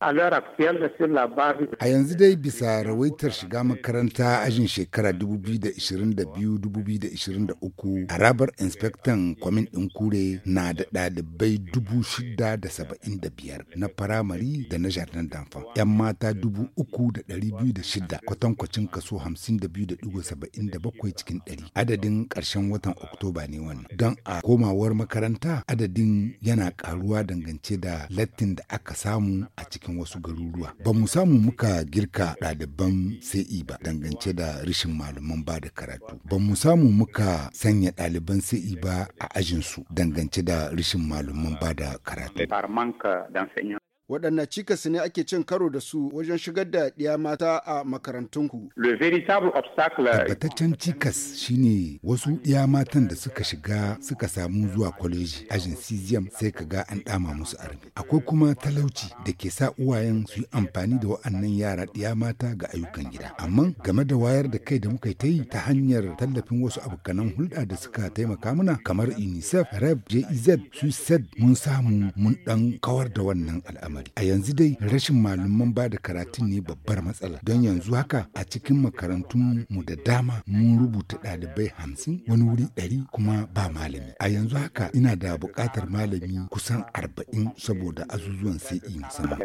A a yanzu dai bisa rawaitar shiga makaranta ajin shekara 2022-2023 harabar inspektan kwamin ɗin kure na da ɗalibai 675 na firamare da na jardin damfan. 'Yan mata 3,206 kwatankwacin kaso 52.77 cikin 100 adadin ƙarshen watan Oktoba ne wannan. Don a komawar makaranta adadin yana ƙaruwa dangance da lattin da aka samu a cikin wasu garuruwa ba mu samu muka girka ɗaliban sai e ba dangance da rashin malaman ba da karatu ba mu samu muka sanya ɗaliban sai e ba a ajinsu dangance da rashin malaman ba da karatu waɗanne cikas ne ake cin karo da su wajen shigar da ɗiya mata a makarantunku. Tabbataccen cikas shine wasu ɗiya matan da suka shiga suka samu zuwa kwaleji ajin CZM sai ka ga an ɗama musu armi. Akwai kuma talauci da ke sa uwayen su yi amfani da wa'annan yara ɗiya mata ga ayyukan gida. Amma game da wayar da kai da muka ta yi ta hanyar tallafin wasu abokanan hulɗa da suka taimaka mana kamar UNICEF, REB, JEZ, SUSED mun samu mun ɗan kawar da wannan al'amari. a yanzu dai rashin malaman ba da karatun ne babbar matsala don yanzu haka a cikin makarantun mu da dama mun rubuta ɗalibai hamsin wani wuri ɗari kuma ba malami a yanzu haka ina da buƙatar malami kusan arba'in saboda azuzuwan CE sama.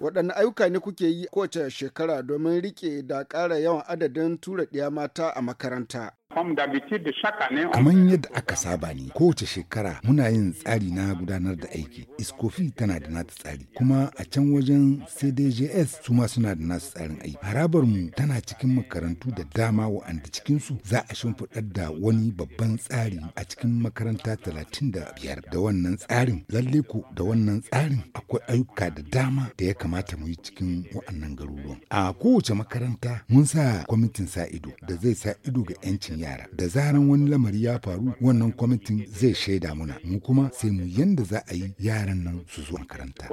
Waɗanne ayyuka ne kuke yi kowace shekara domin riƙe da ƙara yawan adadin tura ɗiya mata a makaranta? Kamar yadda aka saba ne kowace shekara muna yin tsari na gudanar da aiki. Iskofi tana da nata tsari kuma a can wajen CDJS su ma suna da nasu tsarin aiki. Harabar mu tana cikin makarantu da dama wa'anda cikin su za a shimfiɗar da wani babban tsari a cikin makaranta talatin da biyar da wannan tsarin lalle ku da wannan tsarin akwai ayyuka da dama da ya kamata mu yi cikin wa'annan garuruwan. A kowace makaranta mun sa kwamitin sa ido da zai sa ido ga 'yancin yara da zaran wani lamari ya faru wannan kwamitin zai shaida muna mu kuma sai mu yanda za a yi yaran nan su zo makaranta